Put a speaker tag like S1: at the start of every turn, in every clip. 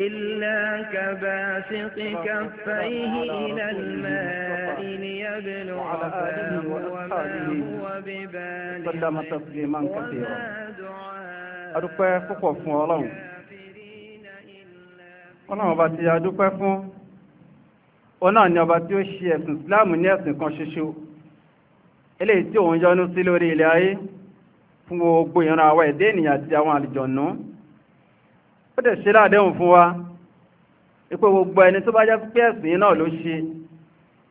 S1: إلا كباسط كفيه إلى الماء ليبلغ فاه وما هو ببالغ وما دعاء adúpẹ́ púpọ̀ fún ọlọ́run ọlọ́run ọba tí a dúpẹ́ fún òun náà ni ọba tí ó ṣe ẹ̀sìn islam ní ẹ̀sìn kan ṣoṣo eléyìí tí òun yọ́nú sí lórí ilẹ̀ ayé fún gbogbo ìran àwa ẹ̀dá ènìyàn àti àwọn àlùjọ̀nú ó dẹ̀ ṣe láàdéhùn fún wa ipò gbogbo ẹni tó bá jẹ́ pé ẹ̀sìn náà ló ṣe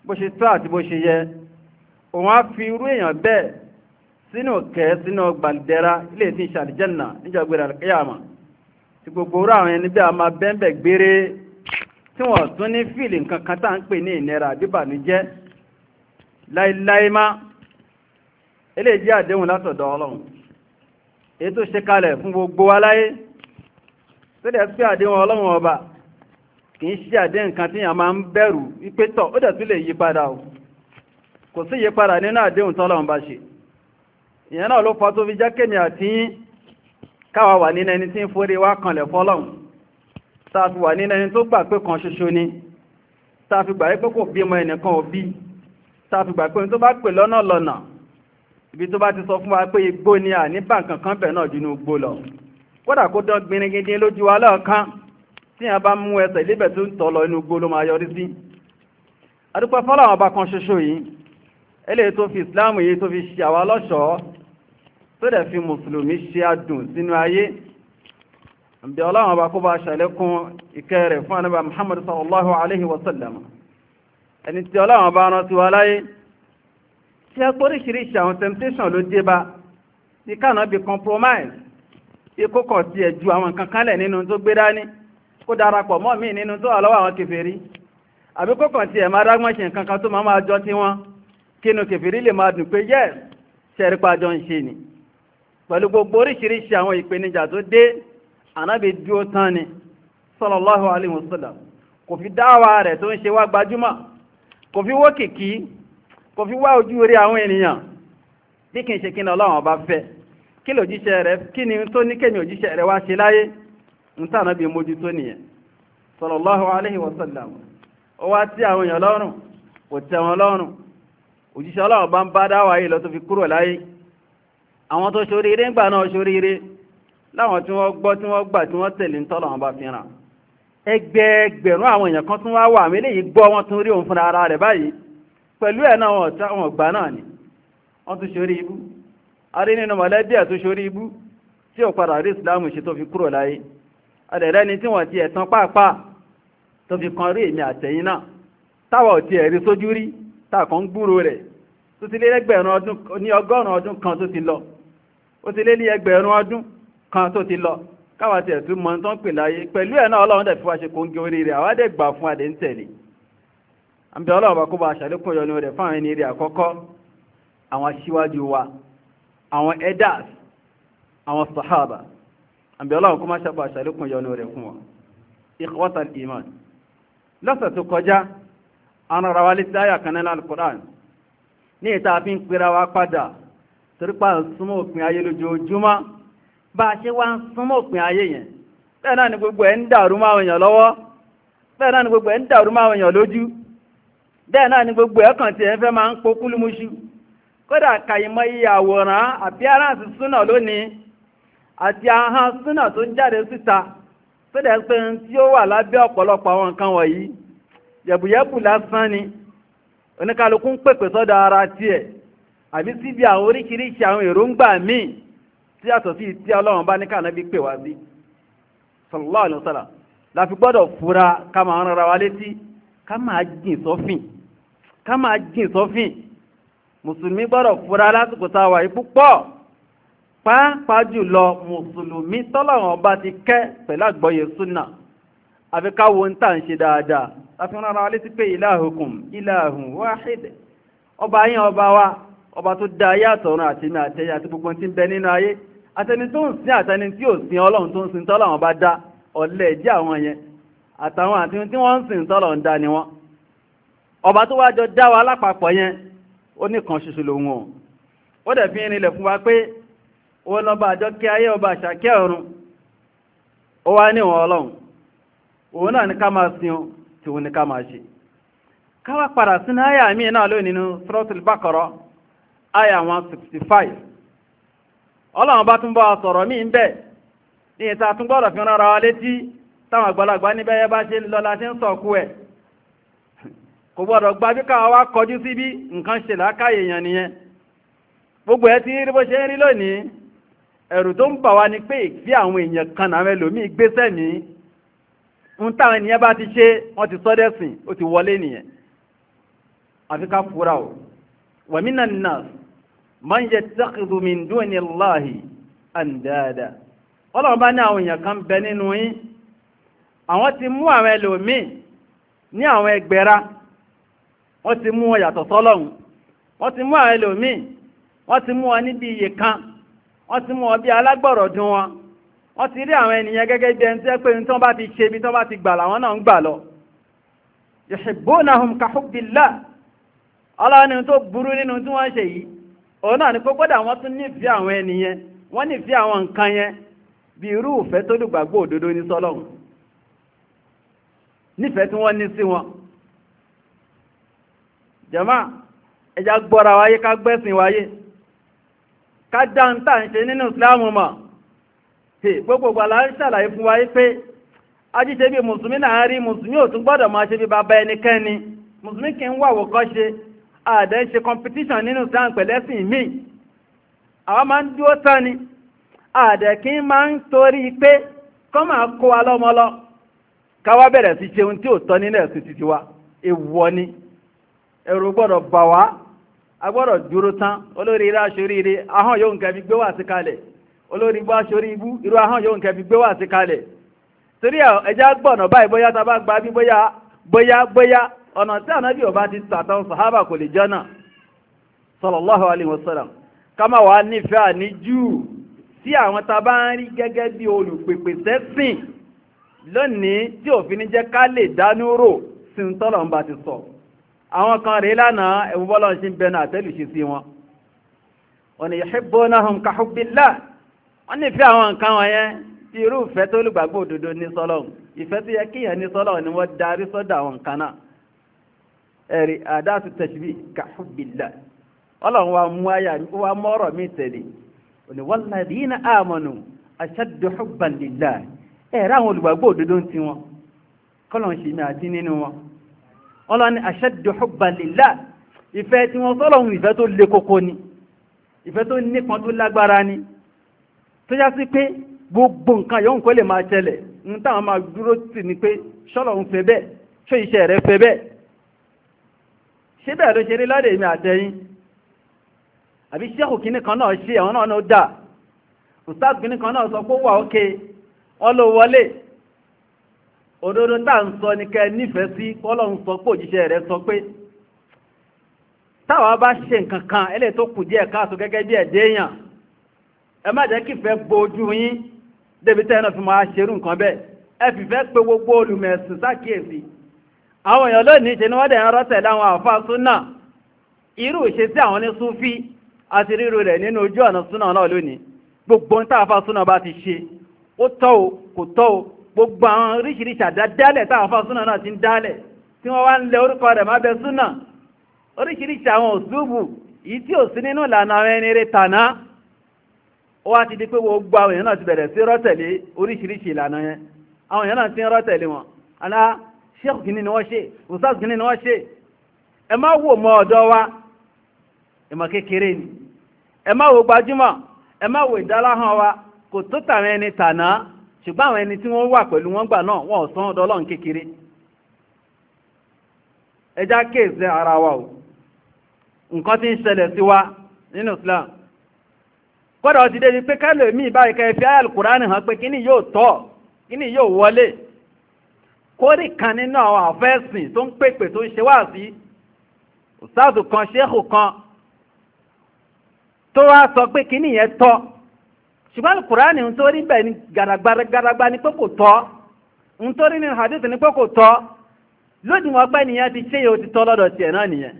S1: bó ṣe tọ́ àti bó ṣe yẹ òun fi irú èèyàn bẹ́ẹ̀ sínú kẹ́ sínú gbàndẹ́ra ilé tí ń ṣe àlìjẹ́nà níjàgbé àlìkíyàmà tí gbogbo orú àwọn ẹni bẹ́ẹ̀ a máa bẹ́ẹ̀ gbére tí wọ́n tún ní fíìlì nǹkan kan tá à ń pè ní ìnira àbíbànújẹ́ láéláé má eléyìí jẹ́ àdéhùn látọ̀dọ̀ ọlọ́run èyí tó ṣe kalẹ̀ fún gbogbo wa sẹ́dẹ̀ sí àdéhùn ọlọ́run ọba kì í ṣe àdé nǹkan tí yàn máa ń bẹ̀rù wípé tọ̀ ó dẹ̀ tún lè yí padà o kò sí yí padà nínú àdéhùn tọ́lọ́run bá ṣe ìyẹn náà ló fa tó fi jẹ́ kémi àti káwa wà nínú ẹni tí ń forí wá kanlẹ̀ fọ́lọ́run tá a fi wà nínú ẹni tó gbà pé kan ṣoṣo ni tá a fi pé kò bímọ ẹnìkan ò bí tá pé ẹni tó bá pè lọ́nà lọ́nà ibi tó bá ti sọ fún wa pé igbó ni à ní bàǹkankan bẹ̀ náà dínú igbó lọ kódà kó dán gbinigidi lójú aláàkán tí a bá mú ẹsẹ̀ lébẹ̀ tó ń tọ̀lọ̀ inú gbó ló máa yọrí sí adúpẹ́ fọ́láwọn ọba kan ṣoṣo yìí eléyìí tó fi islam yìí tó fi ṣe àwa lọ́ṣọ̀ọ́ tó dẹ̀ fi mùsùlùmí ṣe adùn sínú ayé ǹbí ọlọ́run ọba kó bá ṣàlékún ìkẹ́ rẹ̀ fún anábà muhammadu sallallahu alaihi wasallam ẹni tí ọlọ́run ọba rán tiwa láyé tí a póríṣiríṣi àwọn temptation ló dé bá ní kánà bí compromise ikú kọ̀ sí ẹ̀jú àwọn kankan lẹ̀ nínú tó gbé dání kó darapọ̀ mọ́ mi nínú tó wà lọ́wọ́ àwọn kèfèrí àbí kó kàn sí ẹ̀má rágbọ́n ṣe nǹkan kan tó máa máa jọ tiwọn kínú kèfèrí lè máa dùn pé yẹ́ ṣẹ̀rípa ń ṣe ni pẹ̀lú gbogbo oríṣiríṣi àwọn ìpèníjà tó dé ànábì dúó tán ni sallallahu alaihi wasallam kò fi dáwà rẹ̀ tó ń ṣe wá gbajúmọ̀ kò fi wó kìkì kò fi wá ojú rí àwọn ènìyàn bí kì í ṣe kí ni ọlọ́run ọba fẹ́ kí lè òjíṣẹ́ rẹ̀ kí ni tó ní kẹ́mi òjíṣẹ́ rẹ̀ wá ṣe láyé ń tànà bí mójútó nìyẹn sallallahu alaihi wasallam ó wá tí àwọn èèyàn lọ́rùn kò tẹ́ wọn lọ́rùn òjíṣẹ́ ọlọ́run bá ń bá dáwà yìí lọ tó fi kúrò láyé àwọn tó ṣoríire ń gbà náà ṣoríire láwọn tí wọ́n gbọ́ tí wọ́n gbà tí wọ́n tẹ̀lé ń tọ́lọ̀ wọn bá fi ràn ẹgbẹẹgbẹ̀rún àwọn èèyàn kan tún wá wà mí léyìí gbọ́ wọn tún rí òun fúnra ara rẹ̀ báyìí pẹ̀lú ẹ̀ náà wọn ọ̀gbà náà ni wọ́n tún ṣorí ibú arí nínú mọ̀lẹ́bí àtúnṣorí ibú tí ò padà rí ìsìláàmù ṣe tó fi kúrò láyé adẹ̀rẹ́ ni tí wọ́n ti ẹ̀tàn pàápàá tó fi kan rí èmi àtẹ̀yìn náà táwa ò ti ẹ̀rí sójú rí táàkàn ń gbúrò rẹ̀ tó ti lé ẹgbẹ̀rún ọdún ní ọgọ́rùn-ún ọdún kan tó ti lọ ó ti ẹ̀tún mọ́ tó ń pè láyé pẹ̀lú ẹ̀ náà ọlọ́run dẹ̀ wá ṣe kóńgé oríire àwa dẹ̀ gbà fún adé ń tẹ̀lé àmì ọlọ́run bá kó bá aṣàlékún yọnu rẹ̀ fáwọn ẹni rẹ̀ àkọ́kọ́ àwọn aṣíwájú wa àwọn edas àwọn sahaba àbí ọlọ́run kó má ṣe bá ṣàlékún yọnu rẹ̀ fún wa ikhwatal iman lọ́sẹ̀ tó kọjá àwọn ara wa lè ti àyà kan nínú alukoran ní ìta fi ń pera wa padà torípa súnmọ́ òpin ayé lójoojúmọ́ bá a ṣe wá ń súnmọ́ òpin ayé yẹn bẹ́ẹ̀ náà ni gbogbo ẹ̀ ń dàrú máa èèyàn lọ́wọ́ bẹ́ẹ̀ náà ni gbogbo ẹ̀ ń dàrú máa èèyàn lójú bẹ́ẹ̀ náà ni gbogbo ẹ̀ kàn tiẹ̀ fẹ́ máa ń pokúlùmúṣu kódà kàìmọ̀ iye àwòrán appearance súnà lónìí àti ahọ́n súnà tó jáde síta sita so pé ń tí ó wà lábẹ́ ọ̀pọ̀lọpọ̀ àwọn nǹkan wọ̀nyí yẹ̀bùyẹ̀bù lásán ni oníkálukú ń pèpè sọ́dọ̀ ara tiẹ̀ àbí síbi àwọn oríṣiríṣi àwọn èròǹgbà míì tí yàtọ̀ sí tí ọlọ́run bá ní kànáà bí pè wá sí sallallahu alaihi la gbọ́dọ̀ fura ká máa rán wa létí ká máa jìn sọ́fìn ká máa jìn sọ́fìn mùsùlùmí gbọ́dọ̀ fura lásìkò tá a wà yìí púpọ̀ pàápàá jùlọ mùsùlùmí tọ́lọ́wọ́n bá ti kẹ́ pẹ̀lú àgbọ́yé súnà àfi káwo ń tà ń ṣe dáadáa láti rán ara létí pé ìlàhùkùn ìlàhùn wáhid ọba yín ọba wa ọba tó dá ayé àtọ̀run àti ní àtẹ̀yẹ àti gbogbo tí ń bẹ nínú ayé àtẹni tó ń sin àtẹni tí ò sin ọlọ́run tó ń sin tọ́lọ́wọ́n bá dá ọ̀lẹ́ ẹ̀jẹ̀ àwọn yẹn àtàwọn àti tí wọ́n ń sin tọ́lọ́run dá ni wọ́n ọba tó wájọ dá wa lápapọ̀ yẹn ó ní kan ṣoṣo lòun o ó dẹ̀ fi rinlẹ̀ fún wa pé wọ́n lọ́ba àjọ kí ayé ọba ọ̀run ó wá ní ọlọ́run òun náà ní ká máa sin o tí òun ní ká máa ṣe ká padà sínú àyà míì náà lónìí nínú one sixty five ọlọ́run bá tún bá sọ̀rọ̀ míì ń bẹ̀ ní ìta fi rán ara wa létí táwọn àgbàlagbà kò gbọ́dọ̀ gbajú káwa wá kọjú síbí nǹkan ṣe làákàyè èèyàn nìyẹn gbogbo ẹ ti rí bó ṣe ń rí lónìí ẹ̀rù tó ń bà wá ni pé ìgbé àwọn èèyàn kan àwọn ẹlòmíì gbéṣẹ́ ní ń táwọn ènìyàn bá ti ṣe wọ́n ti sọ́dẹ̀sìn ó ti wọlé nìyẹn àfi ká fura o wa minan nas man mi min duni Allahi andada ọlọ́run bá ní àwọn èèyàn kan bẹ nínú yín àwọn ti mú àwọn ẹlòmíì ní àwọn ẹgbẹ́ra wọ́n ti mú ọ yàtọ̀ sọ́lọ́run wọ́n ti mú àwọn ẹlòmíì wọ́n ti mú wọn níbi iye kan wọ́n ti mú ọ bí alágbọ̀rọ̀ dún wọ́n ti rí àwọn ènìyàn gẹ́gẹ́ bí ẹni tó tí bá ti ṣe ibi tí bá ti gbà làwọn náà ń gbà lọ. tó burú nínú tí wọ́n ṣe yìí òun náà ni pé tún nífẹ̀ẹ́ àwọn ènìyàn wọ́n nífẹ̀ẹ́ àwọn nǹkan bí irú ìfẹ́ jẹ́mà ẹja gbọ́ra wáyé ká gbẹ́sìn wáyé ká dáńtà ń ṣe nínú ìsìláàmù mọ̀ gbogbogbò aláàrí ṣàlàyé fún wáyé pé ajíṣe bí mùsùlùmí náà rí mùsùlùmí ò tún gbọ́dọ̀ máa ṣe bí bàbá ẹnikẹ́ni mùsùlùmí kì ń wà wòkọ́ ṣe àdẹ́ ṣe competition nínú sáà pẹ̀lẹ́sìn míì àwọn máa ń dúó tán ni àdẹ̀ kí máa ń torí pé kọ́ máa kó wa lọ́mọ lọ káwá bẹ̀rẹ̀ sí ṣe tí ò tọ́ nínú ẹ̀sìn títí èèwọ̀ ni. ẹ̀rù gbọ́dọ̀ bà wá a gbọ́dọ̀ dúró tán olórí irá aṣoríire ahọ́n yóò nǹkan fi gbé wá sí kalẹ̀ olórí ibú aṣorí ibú irú ahọ́n yóò nǹkan fi gbé wá sí kalẹ̀ torí ẹja gba bí bóyá bóyá bóyá ọ̀nà tí ànábì ọba ti tàtàn sàhábà kò lè jọ́nà sallallahu wa nífẹ̀ẹ́ àní tí àwọn tá a bá ń rí gẹ́gẹ́ bí olùpèpè sẹ́sìn lónìí tí òfin jẹ́ ká lè dánú rò àwọn kan rèé lánàá ẹ̀wùbọ́lọ́ ṣe ń bẹnu àtẹ́lù ṣe sí wọn wọ́n ní yuhibbunahum ka hubbillah wọ́n nífẹ̀ẹ́ àwọn nǹkan wọ̀nyẹn tí irú ìfẹ́ tó lùgbàgbọ́ òdodo ní sọ́lọ́hùn ìfẹ́ tó yẹ kíyàn ní sọ́lọ́hùn ni wọ́n darí sọ́dọ̀ àwọn nǹkan náà ẹ̀rí àdáàtú tẹ̀síbí ka hubbillah ọlọ́run wa mú ayà wa mọ́rọ̀ mi tẹ̀lé òní walladhina amanu ashaddu hubban lillah ẹ̀rí àwọn olùgbàgbọ́ òdodo ń ti wọn kọ́lọ̀ ń ṣe mi àti nínú wọn ọlọ́ni ashaddu hubban lillah ìfẹ́ tí wọ́n sọ́lọ̀hun ìfẹ́ tó le koko ni ìfẹ́ tó nípọn tó lágbára ni tó yá sí pé gbogbo nǹkan yóò kó lè máa ṣẹlẹ̀ ń táwọn máa dúró sí ni pé sọ́lọ̀hun fẹ́ bẹ́ẹ̀ ṣó iṣẹ́ rẹ̀ fẹ́ bẹ́ẹ̀ ṣé bẹ́ẹ̀ ló ṣe rí lọ́dẹ̀ mi àtẹ̀yìn àbí ṣẹ́kù kìíní kan náà ṣe àwọn náà ló dà ustaz kìíní kan náà sọ pé wà ókè ọlọ́wọlé òdodo tá à ni kẹ́ nífẹ̀ẹ́ sí ọlọ́run nsọ pé òjíṣẹ́ rẹ̀ sọ pé táwa bá ṣe nǹkan kan ẹlẹ́ tó kù díẹ̀ káàtó gẹ́gẹ́ bí ẹ̀dẹ́ èèyàn ẹ má jẹ́ kífẹ́ gbojú yín débi tẹ́ náà fi máa ṣerú nǹkan bẹ́ẹ̀ ẹ fìfẹ́ pé gbogbo olùmẹ̀sìn àwọn èèyàn lónìí ṣe ni wọ́n dẹ̀ ń rọ́tẹ̀ láwọn àfáà súnà irú àwọn ní àti ríru rẹ̀ nínú ojú ọ̀nà súnà náà lónìí gbogbo ń súnà bá ti ṣe ó tọ́ o kò tọ́ o gbogbo àwọn oríṣiríṣi àdádálẹ̀ táwọn afá náà ti ń dálẹ̀ tí wọ́n wá ń lẹ orúkọ rẹ̀ má bẹ súnà oríṣiríṣi àwọn òṣùbù yìí tí ò sí nínú ìlànà àwọn ẹni rẹ̀ tàná ó wá ti di pé gbogbo àwọn èèyàn náà ti bẹ̀rẹ̀ sí rọ́tẹ̀lé oríṣiríṣi ìlànà ti ń rọ́tẹ̀lé wọn kìíní ni wọ́n ṣe kìíní ni wọ́n ṣe ẹ má wò wa kékeré ni ẹ má wò gbajúmọ̀ ẹ má wò wa kò tó tàwọn ẹni tàná ṣùgbọ́n àwọn ẹni tí wọ́n wà pẹ̀lú wọn gbà náà wọn ò sán kékeré ẹjá kéèsì ara wa o nǹkan tí ń ṣẹlẹ̀ sí wa nínú Islam kódà ó ti dé di pé kálò mí báyìí ká ẹ fi ayé alukùránì hàn pé kíní yóò tọ́ kíní yóò wọlé kórì kan nínú àwọn àfẹ́sìn tó ń pèpè tó ń ṣe wá sí ustaz kan ṣéèkù kan tó wá sọ pé kíní yẹn tọ́ ṣùgbọ́n kùránì ń bẹ́ẹ̀ ni garagbara ni pé kò tọ́ ń ni hadith ni pé kò tọ́ lódìmọ̀ ọgbẹ́ nìyẹn ti ṣe o ti tọ́ lọ́dọ̀ tiẹ̀ náà nìyẹn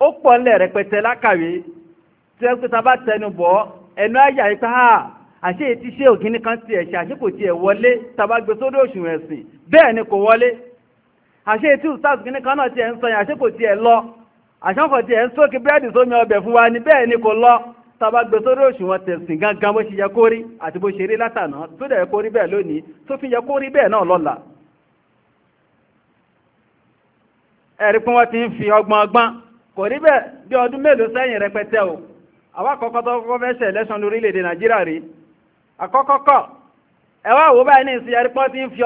S1: ó pọ̀ ńlẹ̀ rẹpẹtẹ lákàwé tí ẹ pẹ́ta bá tẹnu bọ̀ ẹnu àyà yìí pé àṣé ti ṣe ògínní kan tiẹ̀ ṣe àṣé kò tiẹ̀ wọlé tàbá gbé sódò òṣùwọ̀n ni kò wọlé àṣé ti tí náà tiẹ̀ ń sọ tàbá gbé sórí òṣùwọ̀n tẹ̀sìn bó ṣe yẹ kó rí àti bó ṣe rí látànà tó dẹ̀ kó rí bẹ́ẹ̀ lónìí tó fi yẹ kó rí bẹ́ẹ̀ náà lọ́la. ẹ̀rí pé wọ́n ti ń fi ọgbọ́n ọgbọ́n kò rí bẹ́ẹ̀ bí ọdún mélòó sẹ́yìn rẹpẹtẹ o àwa kọ́kọ́ tó kọ́kọ́ fẹ́ ṣe ẹlẹ́sàn nàìjíríà rí àkọ́kọ́ kọ́ ẹ wá báyìí ẹ̀rí pé wọ́n ti ń fi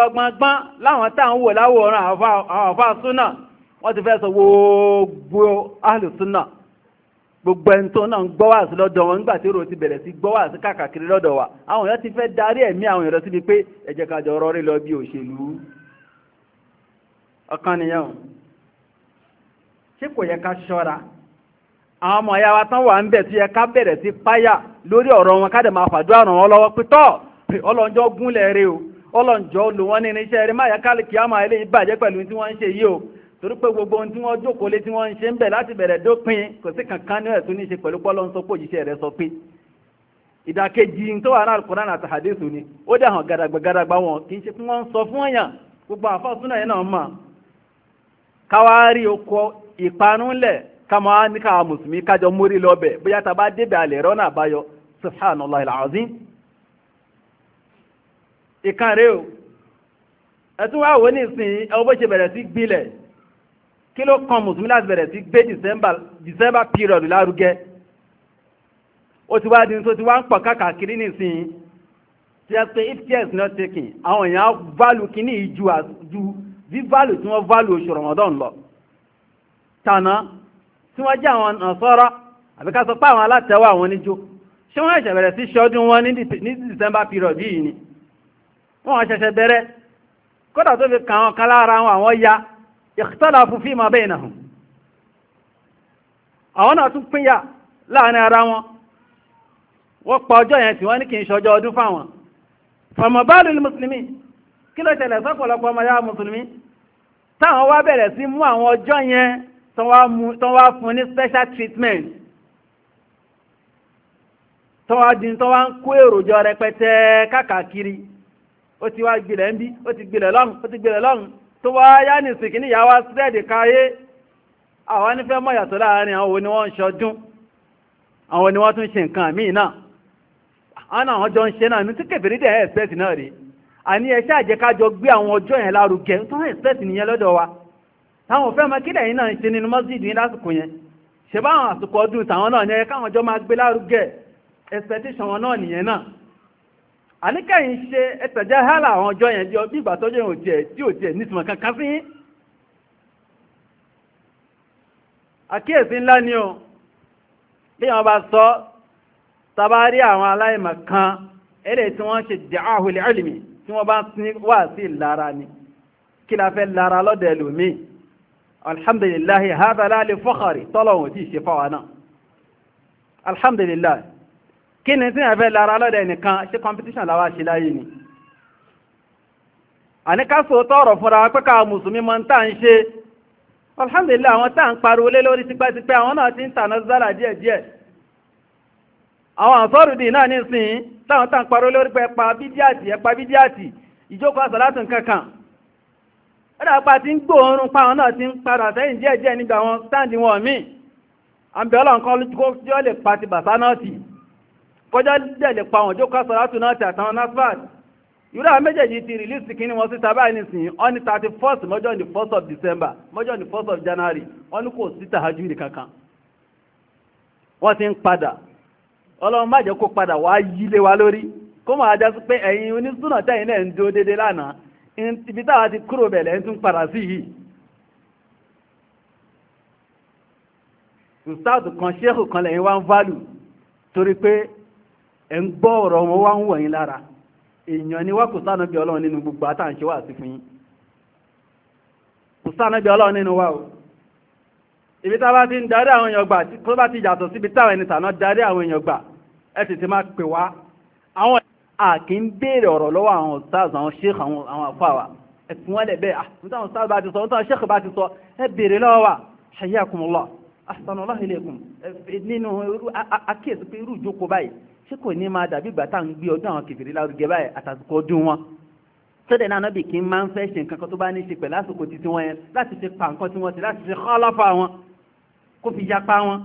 S1: ọgbọ́n gbogbo ẹni tó náà ń gbọ́ wá sí lọ́dọ̀ wọn nígbà tí èrò ti bẹ̀rẹ̀ sí gbọ́ wá sí kàkàkiri lọ́dọ̀ àwọn èèyàn ti fẹ́ darí ẹ̀mí àwọn èèyàn síbi pé ẹ ọrọ ká jọ lọ bí òṣèlú ọkàn àwọn ọmọ ìyá tán wà ń bẹ̀ tó yẹ sí páyà lórí ọ̀rọ̀ wọn ká dẹ̀ máa fàdúrà ràn wọ́n lọ́wọ́ pé torí pé gbogbo ohun tí wọ́n jókòó lé tí wọ́n ń ṣe ń bẹ̀ láti bẹ̀rẹ̀ dópin kò sí kankan ní ẹ̀sùn ní ṣe pẹ̀lú pọ́lọ́ ń sọ pé òjíṣẹ́ rẹ̀ sọ pé ìdàkejì tó wà àti ni ó dẹ̀ hàn gàdàgbà wọn kì í ṣe fún wọn sọ fún ọ̀yàn gbogbo yẹn náà káwárí oko ìparun lẹ̀ káma ní káwa mùsùlùmí kájọ mórí lọ́bẹ̀ bóyá a bá kí ló kan mùsùlùmí láti bẹ̀rẹ̀ sí gbé december period lárugẹ ó ti wá di tó ti wá ń pọ̀ káàkiri nísìnyí tí a pe if care is not taken àwọn èèyàn value kìíní ìju ju bí value tí wọ́n value oṣù ramadan lọ tànà tí wọ́n jẹ́ àwọn nàṣọ́rọ́ àbí ká sọ pé àwọn alátẹ̀wọ̀ àwọn oníjó ṣé wọ́n ṣẹ̀ṣẹ̀ bẹ̀rẹ̀ sí ṣọdún wọn ní december period yìí ni wọ́n ṣẹ̀ṣẹ̀ bẹ̀rẹ̀ kódà tó fi kàn án kan lára àwọn ya ikhtalafu fima bainahum àwọn náà tún pínyà láàrin ara wọn wọ́n pa ọjọ́ yẹn tí wọ́n ní kí n ṣọjọ́ ọdún fáwọn famabalul mùsùlùmí kí ló tẹ̀lẹ̀ sọ́pọ̀lọpọ̀ ọmọ yára mùsùlùmí táwọn wá bẹ̀rẹ̀ sí mú àwọn ọjọ́ yẹn tán wá fún ní special treatment tán wá dín tán wá ń kó èròjọ rẹpẹtẹ káàkiri ó ti wá gbilẹ̀ ń bí ó ti gbilẹ̀ lọ́rùn ó ti gbilẹ̀ lọ́rùn tó wá yá ní ìsìnkí ní ìyàwó sírẹ́ẹ̀dì káyé àwọn anífẹ́ mọ̀ yàtọ̀ láàrin àwọn ni ń ṣọdún àwọn ni tún ṣe nǹkan míì náà àwọn àwọn ń ṣe náà ní tí kèfèrí dẹ̀ ẹ̀ẹ́sẹ̀tì náà rí àní ẹṣẹ́ àjẹkájọ gbé àwọn ọjọ́ yẹn lárugẹ tó ń ẹ̀ẹ́sẹ̀tì nìyẹn lọ́dọ̀ wa táwọn òfẹ́ ọmọ kílẹ̀ yìí náà ń ṣe nínú mọ́sídìí lásìkò yẹn ṣe báwọn àsìkò ọdún tàwọn náà káwọn ọjọ́ máa gbé lárugẹ náà nìyẹn àníkàyìn ṣe ẹtẹ̀já hálà àwọn ọjọ́ yẹn jọ bí ìgbà tọ́jú yẹn ò tiẹ̀ tí ò tiẹ̀ nítumọ̀ kankan fún àkíyèsí ńlá ni o bí wọn bá sọ tabari àwọn aláìmọ̀ kan eléyìí tí wọ́n ṣe jẹ́ àhùlẹ̀ ẹ̀lìmì tí wọ́n bá ní wà sí ìlara ni kí la fẹ́ lara lọ́dọ̀ ẹlòmíì alhamdulilahi hadha la tọ́lọ̀ wọn ti ṣe fáwọn náà alhamdulilahi kí ni tí yàn fẹ́ lára lọ́dẹ̀ nìkan ṣe competition láwá ṣe láyé ni àníkásò tọ́rọ̀ fúnra wa pẹ́ka mùsùlùmí mọ́ tá ń ṣe alhamdulillah àwọn tá ń pariwo lé lórí tipẹ́tipẹ́ àwọn náà ti ń tànà zára díẹ̀díẹ̀ àwọn àǹsọ́rùdì náà nísìn táwọn tá ń pariwo lórí pé pa bídíàtì ẹ̀pa bídíàtì ìjókòó àsàlátù kankan ẹ̀dà pa ti ń gbòòrùn pa àwọn náà ti ń padà sẹ́yìn díẹ̀díẹ̀ nígbà wọn sáǹdì wọn míì àǹbẹ̀ọ́lọ̀ nǹkan olùkọ́ tí ó lè pa ti bàtà náà tì kọjá dẹ̀lẹ̀ pa àwọn jókòó sọ̀rọ̀tù náà tẹ̀ àtàwọn nasfat irú àwọn méjèèjì ti release kínní wọn síta báyìí nísìnyí on the thirty first mọ́jọ́ on the first of december mọ́jọ́ on the first of january wọ́n ní kò sí tahajúdì kankan wọ́n ti ń padà ọlọ́run má jẹ́ kó padà wá yílé wa lórí kó máa dá sí pé ẹ̀yin onísùnà tẹ̀yìn náà ń do déédéé lánàá ibi táwa ti kúrò bẹ̀lẹ̀ ń tún padà sí yìí. ustaz kan sheikh kan lẹ́yìn wá ń value torí pé ẹ̀ ń gbọ́ ọ̀rọ̀ wọn wá ń wọ̀ yín lára èèyàn ni wá kò sáànà bí ọlọ́run nínú gbogbo àtàǹṣe wà sí fún yín kò sáànà bí ọlọ́run nínú wa o ibi tá a bá ti ń darí àwọn èèyàn gbà tó bá ti yàtọ̀ síbi táwọn ẹni tàná darí àwọn èèyàn gbà ẹ tètè máa pè wá àwọn àkì ń béèrè ọ̀rọ̀ lọ́wọ́ àwọn stars àwọn sheikh àwọn àfa wa ẹ̀sìn wọn lẹ̀ bẹ́ẹ̀ àwọn ah, táwọn stars bá ti sọ táwọn sheikh bá ti sọ ẹ béèrè lọ́wọ́ wa hayyakumullah ahsanallahu ilaykum nínú akíyèsí pé irú ìjókòó báyìí tí kò ní máa dàbí ìgbà tá à ń gbé ọdún àwọn kìfìrí lárugẹ báyìí àtàkùkọ ọdún wọn sọ́dẹ̀ náà nábì kí n máa ń fẹ́ ṣe nǹkan kan tó bá ní ṣe pẹ̀lú àsìkò títí wọn yẹn láti ṣe pa nǹkan tí wọ́n ti láti ṣe khalafa wọn kó fi yapa wọn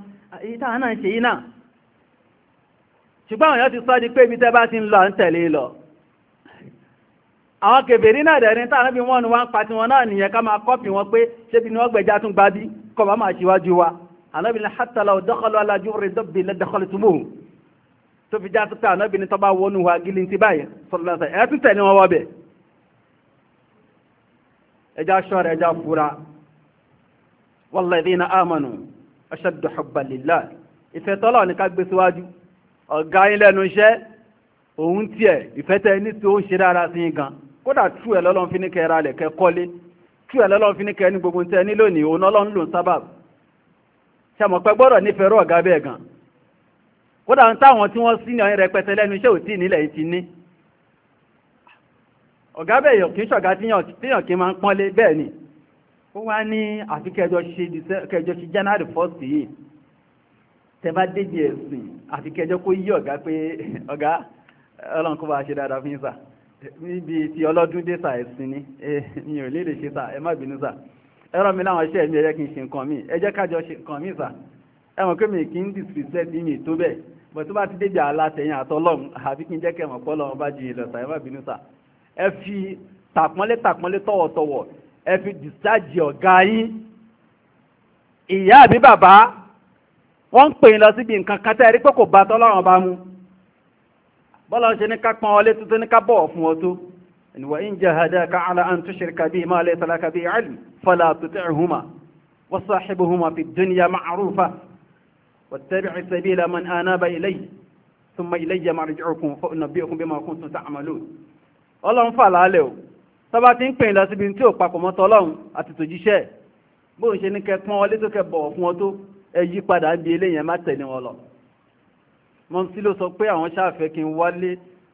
S1: èyí táwọn náà ń ṣe yìí náà ṣùgbọ́n àwọn èèyàn ti sọ di pé ibi tẹ́ bá ti ń lọ ń tẹ̀lé lọ àwọn kèbèrè náà dẹ̀ ní táwọn bí wọ́n nu wá ń pa tiwọn náà nìyẹn ká máa kọ́pì wọn pé ṣé bí ni wọ́n gbẹ̀já tún gbá bí kọ́ bá máa ṣíwájú wa àlọ́bìnrin hatta law dakhalu ala juhri dabbi la dakhaltumuhu tó fi já sípé ànábì ní tọ́bá wọnú wa gílí ti báyìí sọ́lọ́sà ẹ̀ tún tẹ̀lé wọn wọ́bẹ̀ ẹjá ṣọ́rẹ̀ ẹjá fura walladhina amanu ashaddu hubban lillah ìfẹ́ tọ́lọ̀ ní ká gbé síwájú ọ̀gá òun tiẹ̀ ìfẹ́ tẹ ní tí ó ń ṣe dára sí gan kódà tú ẹ̀ lọ́lọ́n fi ra lẹ̀ kọ́lé tú ẹ̀ lọ́lọ́n fi ní kẹ́ ní gbogbo ní lónìí òun ọlọ́run lòún sábà ṣàmọ̀pẹ́ gbọ́dọ̀ nífẹ̀ẹ́ rọ̀ ọ̀gá gan kódà ń táwọn tí wọ́n sí ní ọ̀yìn rẹpẹtẹ lẹ́nu iṣẹ́ òtí nílẹ̀ yìí ti ní ọ̀gá bẹ́ẹ̀ yọ̀ kí ṣọ̀gá tíyàn kí máa ń pọ́nlé bẹ́ẹ̀ ni ó wá ní àfi kẹjọ ṣe January yìí tẹ bá ẹ̀sìn àfi kẹjọ kó yí ọ̀gá pé ọ̀gá ọlọ́run kó bá ṣe dáadáa fún yín sà níbi ọlọ́dún dé sà ẹ̀sìn ni eh, mi ò lè lè ṣe sà ẹ má bínú sà ẹ rọ mi láwọn iṣẹ́ jẹ́ kí n ṣe nǹkan mi ẹ bọ̀ tó bá ti déjà alátẹ̀yìn àtọ́lọ́run àfi kí n jẹ́ kẹmọ̀ pọ́ lọ́wọ́ bá ju yìí lọ sàyẹ́ má bínú sà ẹ fi tàpọ́nlé tàpọ́nlé tọ̀wọ̀tọ̀wọ̀ ẹ fi dìsáàjì ọ̀gá yín ìyá àbí bàbá wọ́n ń pè yín lọ síbi nǹkan kan tẹ́ pé kò bá tọ́lọ́run bá mu bọ́lá ń ṣe ní ká pọ́n ọlé tuntun ní ká bọ̀wọ̀ fún ọ tó وإن جاهداك على أن تشرك به ما ليس علم فلا تطعهما وصاحبهما في الدنيا معروفة واتبعوا سبيل من آناب إلي ثم إلي مرجعكم فأنبئكم بما كنتم تعملون ọlọ́run fà lálẹ́ o tọ́ba ti ń pè é lọ síbi tí ò papọ̀ mọ́tọ́ ọlọ́run àti tòjíṣẹ́ bó ń ṣe ní kẹ pọ́n ọlé tó kẹ bọ̀wọ̀ fún ọ tó ẹ yí padà bí eléyẹn má tẹ̀lé wọn lọ. mọ́mísí sọ pé àwọn ṣáàfẹ́ kí n wálé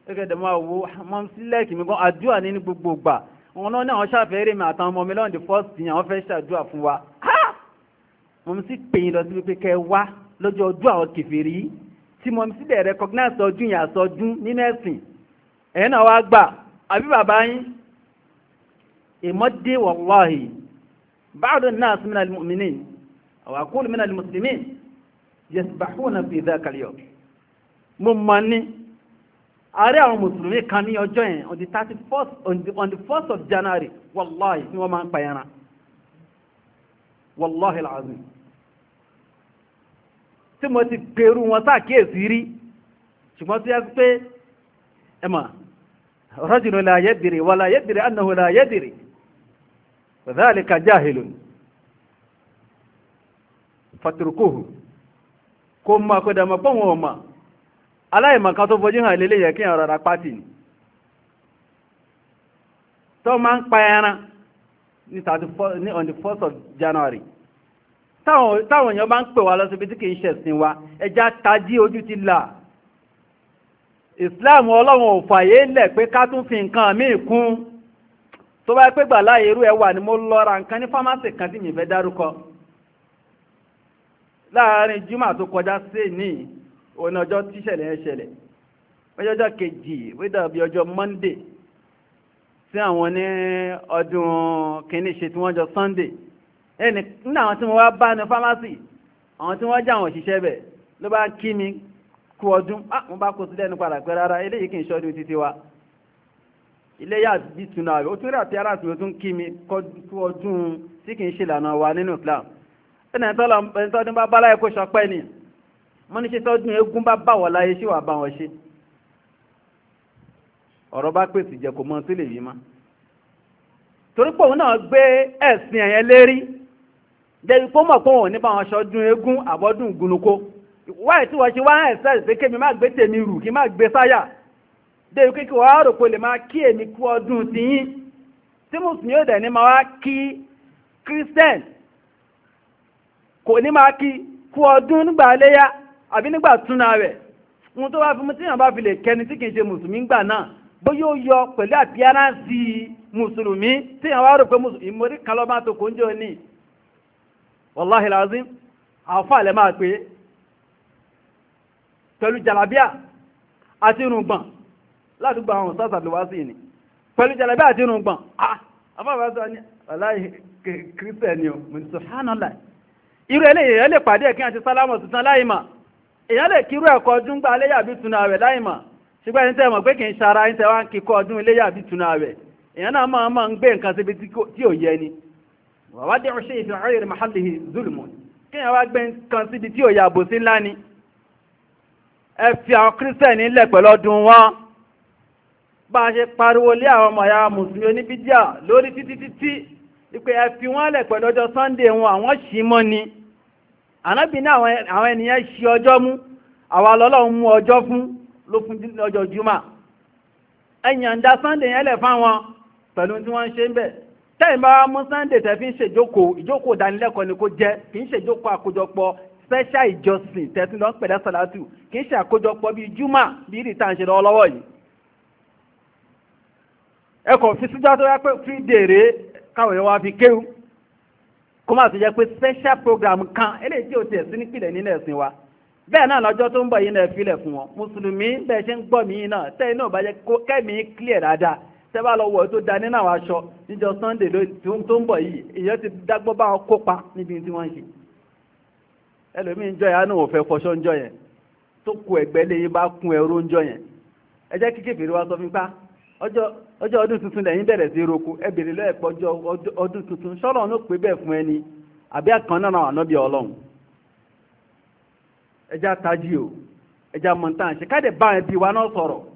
S1: gẹ́gẹ́ dẹ̀ máa wo mọ́mísí lẹ́ẹ̀kì mi gan àdúrà ní gbogbo ìgbà wọn náà ní àwọn ṣáàfẹ́ eré àtàwọn ọmọ mi lọ́run the first thing àwọn fẹ́ ṣàdúrà fún wa. mọ́mísí lọ́jọ́ ọdún àwọn kèfèrí tí mo sì dẹ̀ recognize ọdún yẹn àsọdún nínú ẹ̀sìn ẹ̀yìn náà wá gbà àbí bàbá yín ìmọ̀dé wàláhì báàdùn náà sí mìíràn mìíní àwọn àkúrò mìíràn mùsùlùmí yasbahuna fi dhaka al mo mọ̀ ní ààrẹ àwọn mùsùlùmí kan ní ọjọ́ yẹn on the thirty first on the on the first of January wàláhì ni wọ́n máa ń pa ẹran wàláhì làwọn tí mo ti pèrú wọn sáàkíyèsí rí ṣùgbọ́n tí a ti pé ẹmà rọ́jùnú la yẹ́dìrì wà la yẹ́dìrì annahu la yẹ́dìrì dhalika jahilun fatrukuhu kó máa kó dàmà pọ́n wọn mà aláìmọ̀ká tó fojú hàn lélẹ̀ yẹ kí n rọra pátì ni tó máa ń pa ẹran ní on the 1st of January 2023 táwọn èèyàn bá ń pè wá lọ síbi tí kì ṣẹ̀sìn wa ẹja tají ojú ti là ìsìláàmù ọlọ́run ò fàyè lẹ̀ pé ká tún fi nǹkan míì kún tó bá pé gbà láàyè irú ẹ wà ni mo lọ ra nǹkan ní fámásì kan tí mi fẹ́ dárúkọ láàárín jùmọ̀ tó kọjá sí ní òun ọjọ́ tíṣẹ̀lẹ̀ ẹ ṣẹlẹ̀ ọjọ́jọ́ kejì wídà bí ọjọ́ Monday sí àwọn ní ọdún kìíní ṣe tí wọ́n jọ Sunday ẹni nínú àwọn tí wọ́n wá bá ní fámásì àwọn tí wọ́n jẹ́ àwọn òṣìṣẹ́ bẹ̀ ló bá kí mi kú ọdún wọ́n ah, bá kó sí lẹ́nu padà pẹ́ rárá eléyìí kì í ṣọ́dún títí wa ilé yà bí tunu àwẹ̀ ó tún rí àti ara àti òtún kí mi kú ọdún tí kì í ṣe ìlànà wa nínú Islam ẹni tọ́dún bá bá láyé kó ṣọpẹ́ ni mo ní ṣe tọ́dún eégún bá bá wọ̀ láyé ṣé wàá bá wọn ṣe ọ̀rọ̀ bá pèsè jẹ́ kò mọ́ torí pé náà gbé ẹ̀sìn ẹ̀yẹn lérí dẹ̀bi kó mọ̀ pé òun nípa àwọn aṣọ dún eégún àbọ́dún gúnukó wáyé tí wọ́n ṣe wá ẹ̀sẹ̀ ṣe kémi gbé tèmi rù kí má gbé sáyà dẹ̀bi kí wọ́n á rò pé lè máa kí èmi kú ọdún tiyín tí mùsùlùmí yóò dẹ̀ ní máa wá kí kírísítẹ́n kò ní máa kí kú ọdún nígbà léyà àbí nígbà túnra rẹ̀ ohun tó bá fi mú tí yàn bá fi lè kẹni tí kì í ṣe mùsùlùmí gbà náà bóyá ó yọ pẹ̀lú àbíyáná sí mùsùlùmí tí yàn wá rò pé mùsùlùmí mo rí kan wàláhì làzín àfà lẹ máa pé pẹ̀lú jàlábíà àti irùngbọ̀n ládùúgbò àwọn sọ́sà ló sí ni pẹ̀lú jàlábíà àti irùngbọ̀n ah, àfà bá sọ ní wàláhì kírísítẹ̀ni o mo ní irú eléyìí èèyàn lè pàdé ẹ̀kí àti sálámọ̀ tuntun láì èèyàn lè kírú ẹ̀kọ́ ọdún aléyà bí ṣùgbọ́n ẹni tẹ́ mọ̀ pé kì í ṣara ẹni tẹ́ wá ń kíkọ́ ọdún bí èèyàn náà máa máa ń gbé nǹkan síbi tí ò yẹ ni wàwádìí ọ̀ṣẹ́ ìfẹ́ ọ̀rẹ́ mahalihi zulmon kí wọ́n wá gbé nǹkan síbi tí òye àbòsí ńlá ni ẹ fi àwọn kírísítẹ̀nì ńlẹ̀ pẹ̀lú ọdún wọn bá a ṣe pariwo lé àwọn ọmọ ya mùsùlùmí oníbídíà lórí títí títí ìpè ẹ fi wọn lẹ̀ pẹ̀lú ọjọ́ sunday wọn àwọn ṣì mọ́ ni ànábì ní àwọn ènìyàn ṣì ọjọ́ mú àwa lọ́lọ́run mú ọjọ́ fún ló fún ọjọ́ juma ẹ̀yàn ń da sunday yẹn lẹ̀ fáwọn pẹ̀lú tí wọ́n ń ṣe bẹ́ẹ̀ tẹ́yìn bá sunday tẹ́ fi ń ìjókòó ìdánilẹ́kọ̀ọ́ ni kò jẹ́ kì í ṣèjókòó àkójọpọ̀ special ìjọsìn tẹ́tún lọ pẹ̀lẹ́ sọ̀látù kì í ṣe àkójọpọ̀ bíi júmà bíi ìrì tá à ń ṣe yìí. fi síjọ́ tó yá pé program kan eléyìí tí o tẹ̀ sí nípìnlẹ̀ nílẹ̀ wa bẹ́ẹ̀ náà lọ́jọ́ tẹ́bà lọ tó da nínú àwọn aṣọ níjọ sunday tó ń bọ̀ yìí èyàn ti dágbọ́ bá wọn kópa níbi tí wọ́n ń ṣe ẹlòmíín jọ yẹn á náà fẹ́ jọ yẹn tó ku ẹ̀gbẹ́ léyìn bá kun ẹ̀rọ ń jọ yẹn ẹ jẹ́ kí kèfèrí sọ fún pa ah, ọjọ́ ọdún tuntun lẹ́yìn bẹ̀rẹ̀ sí tuntun ló bẹ́ẹ̀ ẹni àbí àkàn náà wà ọlọ́run o ṣe wa náà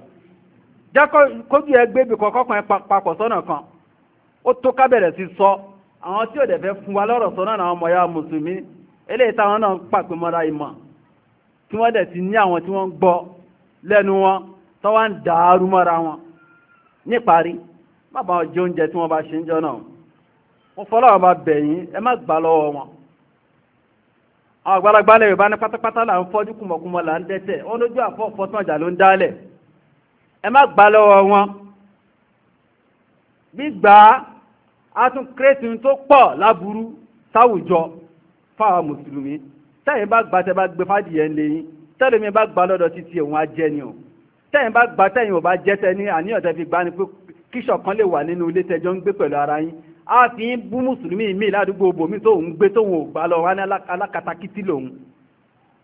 S1: jákọ́ kójú ẹ gbébì kọ̀ọ̀kan kan papọ̀ sọ́nà kan ó tó kábẹ̀rẹ̀ sí sọ àwọn tí ò dẹ̀ fẹ́ fún wa lọ́rọ̀ sọ àwọn ọmọ ya mùsùlùmí eléyìí táwọn náà ń pàpè mọ́ra ìmọ̀ tí wọ́n dẹ̀ ti ní àwọn tí wọ́n ń gbọ́ lẹ́nu wọn tó wá ń dàárú mọ́ra wọn níparí má bá wọn jẹ oúnjẹ tí wọ́n bá ṣe ń jọ náà mo fọlọ́ wọn bá bẹ̀ yín ẹ má gbà lọ́wọ́ wọn àwọn àgbàlagbà lẹ́yìn bá ní pátápátá là ń fọ́jú kùmọ̀kùmọ̀ là ń dẹ́tẹ̀ wọn lójú àfọ́fọ́ tán àjà ló ń dálẹ̀ ẹ má gbà lọ́wọ́ wọn gbígbà á tún kírètì tó pọ̀ láburú sáwùjọ fáwọn mùsùlùmí tẹ́yìn bá gbà tẹ́ bá gbé fádìyẹ lẹ́yìn tẹ́lẹ̀ mi bá gbà lọ́dọ̀ títí òun á jẹ́ ni o tẹ́yìn bá gbà tẹ́yìn ò bá jẹ́ tẹ́ ní àníyàn tẹ́ fi gbá ni pé kíṣọ̀ kan lè wà nínú ilé tẹ́jọ́ ń gbé pẹ̀lú ara yín á fi bú mùsùlùmí míì ládùúgbò bòmí tóun gbé tóun ò gbà lọ wá alákatakítí lòun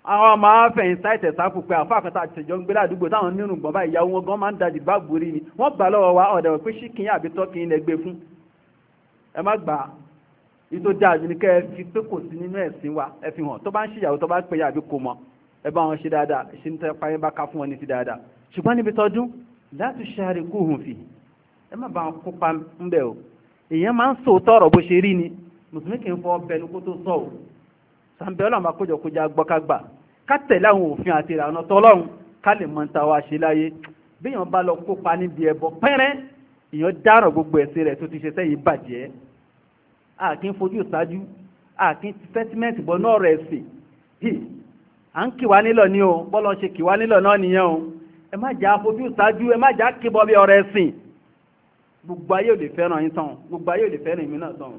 S1: àwọn ọmọ afẹ́ ìsáìtẹ̀ sáfù pé àfáàkọta àtìjọ ń gbé ládùúgbò táwọn nínú gbọ̀nbá ìyàwó wọn gan máa ń da dìgbà gbòrí ni wọ́n gbà lọ́wọ́ wa ọ̀dẹ̀ pé ṣíkìyàn àbí tọ́kì ilẹ̀ gbé fún ẹ má gbà á yìí tó dáa jù ní kẹ́ ẹ fi pé kò sí nínú ẹ̀sìn wa ẹ fi hàn tó bá ń ṣèyàwó tó bá pè é àbí kò mọ ẹ bá wọn ṣe dáadáa ṣe ń tẹ payé sàǹbẹ̀ ọlọ́run àkójọkójá gbọ́kágbà ká tẹ̀lé àwọn òfin àti ìlànà tọ́lọ́run ká lè ta wa ṣe láyé bí èèyàn bá lọ kópa níbi ẹbọ pẹ́rẹ́ èèyàn dáràn gbogbo ẹ̀sìn rẹ̀ tó ti ṣe sẹ́yìn bàjẹ́ àkín fojú ìsájú àkín sẹ́tímẹ́ǹtì bọ́ náà rẹ̀ sì à ń kìwá nílọ̀ ní o bọ́lọ́ ṣe kìwá nílọ̀ náà nìyẹn o ẹ má jà fojú ìsájú ẹ má jà kíbọ́ bí ọ̀rẹ́ sìn gbogbo ayé ò lè fẹ́ràn yín tán gbogbo ayé ò lè fẹ́ràn èmi náà tán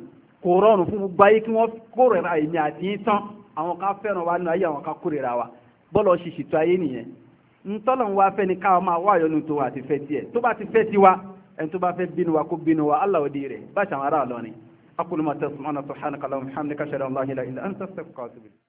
S1: kò rọrùn fún gbogbo ayé kí wọ́n kórìíra èmi àti yín tán àwọn kan fẹ́ràn wa nínú ayé àwọn kan kórìíra wa bọ́ọ̀lù ọ̀sì ṣètò ayé nìyẹn ntọ́lọ̀ ń wá fẹ́ ni káwọn máa wá àyọ̀nù tó àti fẹ́ tiẹ̀ tó bá ti fẹ́ tiwa ẹni tó bá fẹ́ bínú wa kó bínú wa Allah ò di rẹ̀ bá ṣàwọn ará lọ ni. akulu ma tasumana subhanaka allahumma hamdika shada allah ila ila anta astaghfiruka wa atubu ilayk